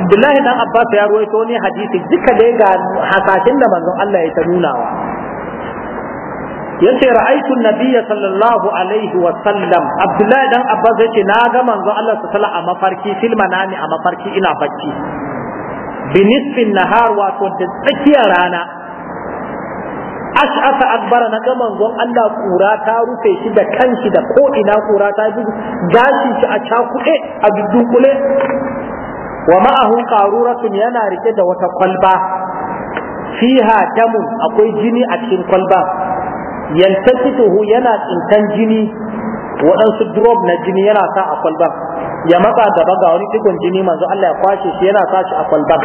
abdullahi dan abbas ya ruwaito ne hadisi duka dai ga hasashen da manzon Allah ya ta nunawa yace ra'aytu an-nabiyya sallallahu alaihi wa sallam abdullahi dan abbas yace na ga manzon Allah sallallahu alaihi wa sallam a mafarki fil manami a mafarki ina bacci binisfin nahar wato da tsakiyar rana ash'asa akbara na ga manzon Allah kura ta rufe shi da kanshi da ko ina kura ta bi gashi shi a cakuɗe a dudukule wa ma'ahu qaruratun yana rike da wata kwalba fiha damun akwai jini a cikin kwalba yantaqituhu yana tsintan jini waɗansu drop na jini yana sa a kwalbar ya matsa gaba ga wani tikun jini manzo Allah ya kwashe shi yana shi a kwalban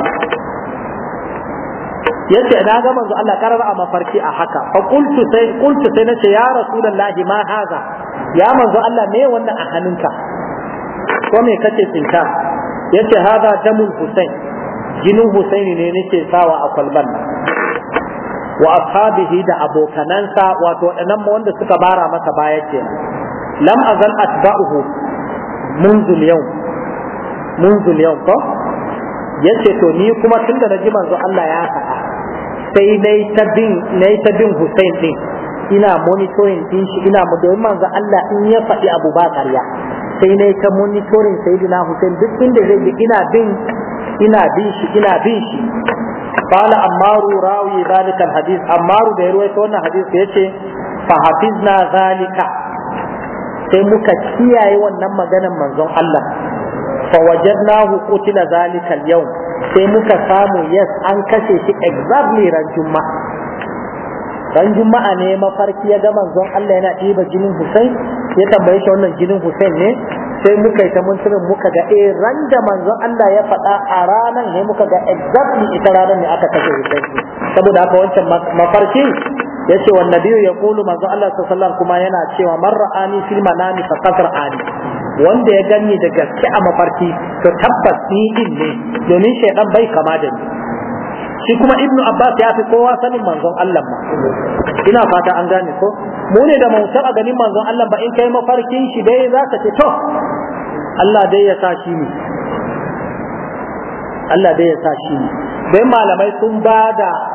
yace na ga manzo Allah karar a mafarki a haka fa qultu sai qultu sai nace ya rasulullahi ma haza ya manzo Allah me wannan a hannunka ko me kace tsinka yace haza damul husain jinin husaini ne nake sawa a kwalban wa ashabihi da abokanansa wato waɗannan wanda suka bara masa baya kenan lam azal atba'uhu munzul yau munzul yau ko yace to ni kuma tunda na ji manzo Allah ya faɗa sai na ta bin ta bin Hussein din ina monitoring din shi ina mu domin manzo Allah in ya faɗi abu Bakar ya sai nayi ta monitoring sayyidina Hussein duk inda zai bi ina bin ina bin shi ina bin shi قال أمار راوي ذلك الحديث أمار wannan كون yace fa hafizna zalika sai muka kiyaye wannan maganar manzon Allah fa wajadnahu qutila zalika al-yawm sai muka samu yes an kashe shi exactly ran juma'a ran juma'a ne mafarki ya ga manzon Allah yana diba jinin Hussein ya tambaye shi wannan jinin Hussein ne sai muka yi ta muntirin muka ga eh ran da manzon Allah ya faɗa a ranan ne muka ga exactly ita ranar ne aka kashe Hussein saboda haka wancan mafarki yace wan nabiyyu yaqulu manzo Allah sallallahu kuma yana cewa man ra'ani fil manami faqad ra'ani wanda ya ganni da gaske a mafarki to tabbas ni din ne domin shaytan bai kama da ni shi kuma ibnu abbas ya fi kowa sanin manzon Allah ma ina fata an gane ko mu ne da mu a ganin manzon Allah ba in kai mafarkin shi dai zaka ce to Allah dai ya sa shi ne Allah dai ya sa shi ne dai malamai sun ba da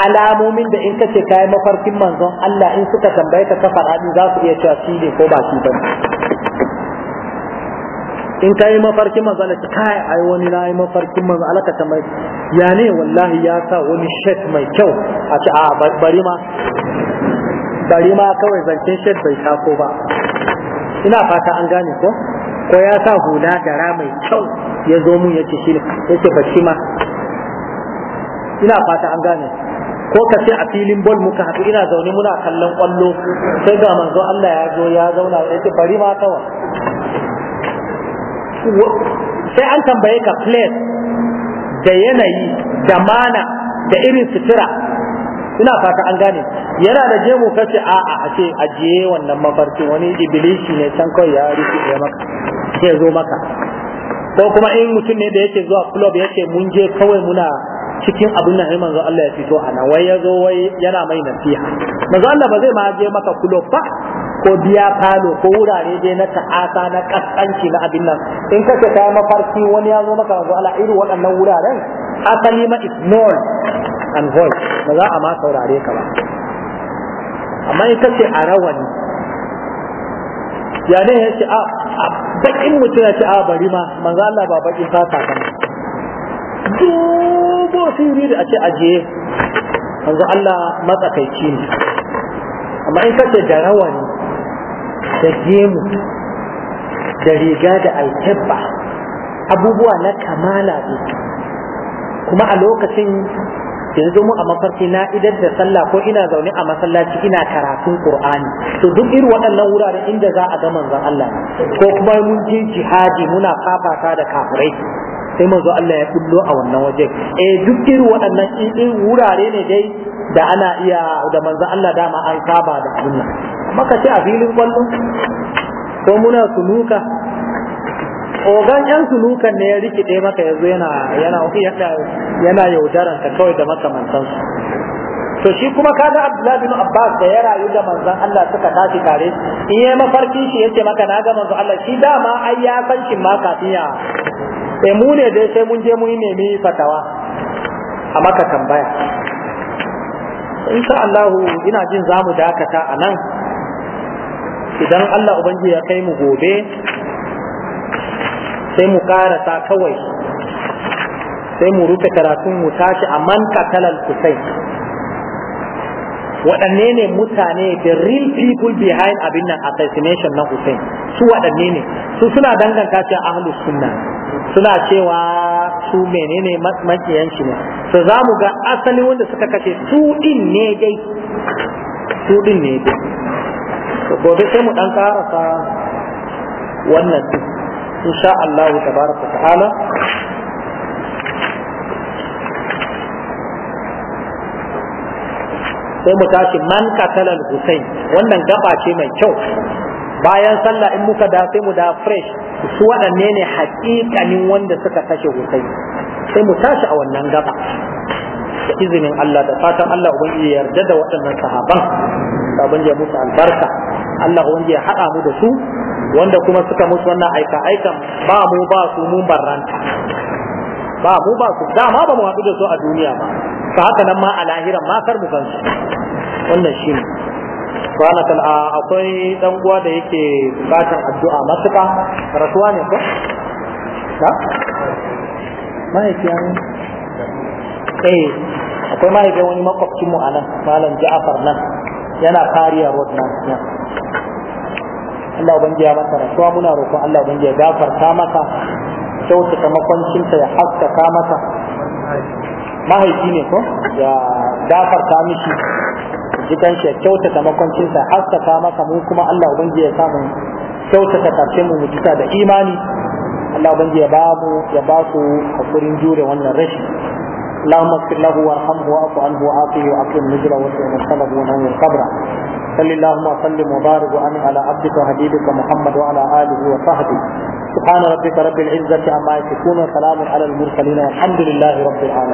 alamomin da in kace kai mafarkin manzon Allah in suka tambaye ka kafa faɗa za su iya cewa shi ne ko ba shi bane in kai mafarkin manzon Allah kai ai wani na yi mafarkin manzon Allah ka tambaye ya ne wallahi ya sa wani shek mai kyau a ce a bari ma bari ma kawai zancen shek bai tako ba ina fata an gane ko ko ya sa hula dara mai kyau ya zo mun yace shi yace ba shi ma ina fata an gane ko ka ce a filin bol muka haɗu ina zaune muna kallon ƙwallo sai ga manzo Allah ya zo ya zauna ya ce bari ma kawa. sai an tambaye ka place da yanayi da mana da irin sutura ina fata an gane yana da jemu ka ce a a ce ajiye wannan mafarkin wani ibilishi ne can kawai ya rufe ya maka ya zo maka ko kuma in mutum ne da yake zuwa club yake mun je kawai muna cikin abin nan manzo Allah ya fito ana wai ya zo wai yana mai nasiha manzo Allah ba zai ma je maka kulo ba ko biya falo ko wurare dai na ta'asa na kaskanci na abin nan in kace kai mafarki wani ya zo maka manzo Allah irin waɗannan wuraren asali ma is known and void ba za a ma saurare ka ba amma in kace a rawani ya ne ya ce ah, a bakin mutum ya ce a ah, bari ma manzo Allah ba bakin fata kan duk fito fili da a ajiye, aje manzo Allah matsakaici ne amma in kace da rawani da gemu da riga da alkebba abubuwa na kamala ne kuma a lokacin yanzu mu a mafarki na idan da sallah ko ina zaune a masallaci ina karatun qur'ani to duk irin waɗannan wuraren inda za a ga manzon Allah ko kuma mun je jihadi muna fafata da kafirai sai manzo Allah ya kullo a wannan wajen eh duk irin waɗannan in wurare ne dai da ana iya da manzo Allah dama an saba da abin nan ka ce a filin kwallo ko muna sunuka ogan yan sunukan ne ya rikide maka yanzu yana yana yana yaudaran ka kawai da su to shi kuma kaga Abdullahi bin Abbas da ya rayu da manzon Allah suka tashi tare in yayi mafarkin shi yace maka na ga manzon Allah shi dama ai ya san shi ma kafin ya sai mu ne dai sai mun je mun nemi fatawa a maka tambaya insha Allahu ina jin za mu dakata a nan idan Allah ubangi ya kai mu gobe sai mu karasa kawai sai mu rufe karatun mu tashi a man katalar kusai waɗanne ne mutane the real people behind abin nan assassination na Hussein su waɗanne ne su suna danganta ce ahlus sunna suna cewa su menene makiyan shi ne So za mu ga asali wanda suka kashe su din ne dai su din ne dai gobe sai mu dan karasa wannan insha Allah tabaraka ta'ala sai mu tashi man katalal Hussein wannan gaba ce mai kyau bayan sallah in muka da sai mu da fresh su waɗanne ne haƙiƙanin wanda suka kashe Hussein sai mu tashi a wannan gaba da izinin Allah da fatan Allah ubangiji ya yarda da waɗannan sahaban sabon ya musu albarka Allah ubangiji ya haɗa mu da su wanda kuma suka musu wannan aika aikan ba mu ba su mun barranta ba mu ba su dama ba mu haɗu da su a duniya ba fa haka nan ma a lahiran ma kar mu san wannan shi ne a akwai dan uwa da yake bukatar addu'a matuka rasuwa ne ko da mahaifiya ne eh akwai mahaifin wani makwabcin mu anan malam Ja'far nan yana kariya road nan Allah ubangiji ya masa rasuwa muna roƙon Allah ubangiji ya gafarta masa kyautata makwancinta ya haskaka masa mahaifi ne ko ya dafarta mishi jikan shi ya kyautata makwancinsa haskaka maka mu kuma Allah ubangiji ya samu kyautata karshen mu mujita da imani Allah ubangiji ya ya ba hakurin jure wannan rashi اللهم اغفر له وارحمه واعف عنه وعافه واكرم نزله واسع ونور قبره صل اللهم وسلم وبارك وانعم على عبدك وحبيبك محمد وعلى اله وصحبه سبحان ربك رب العزه عما يصفون وسلام على المرسلين والحمد لله رب العالمين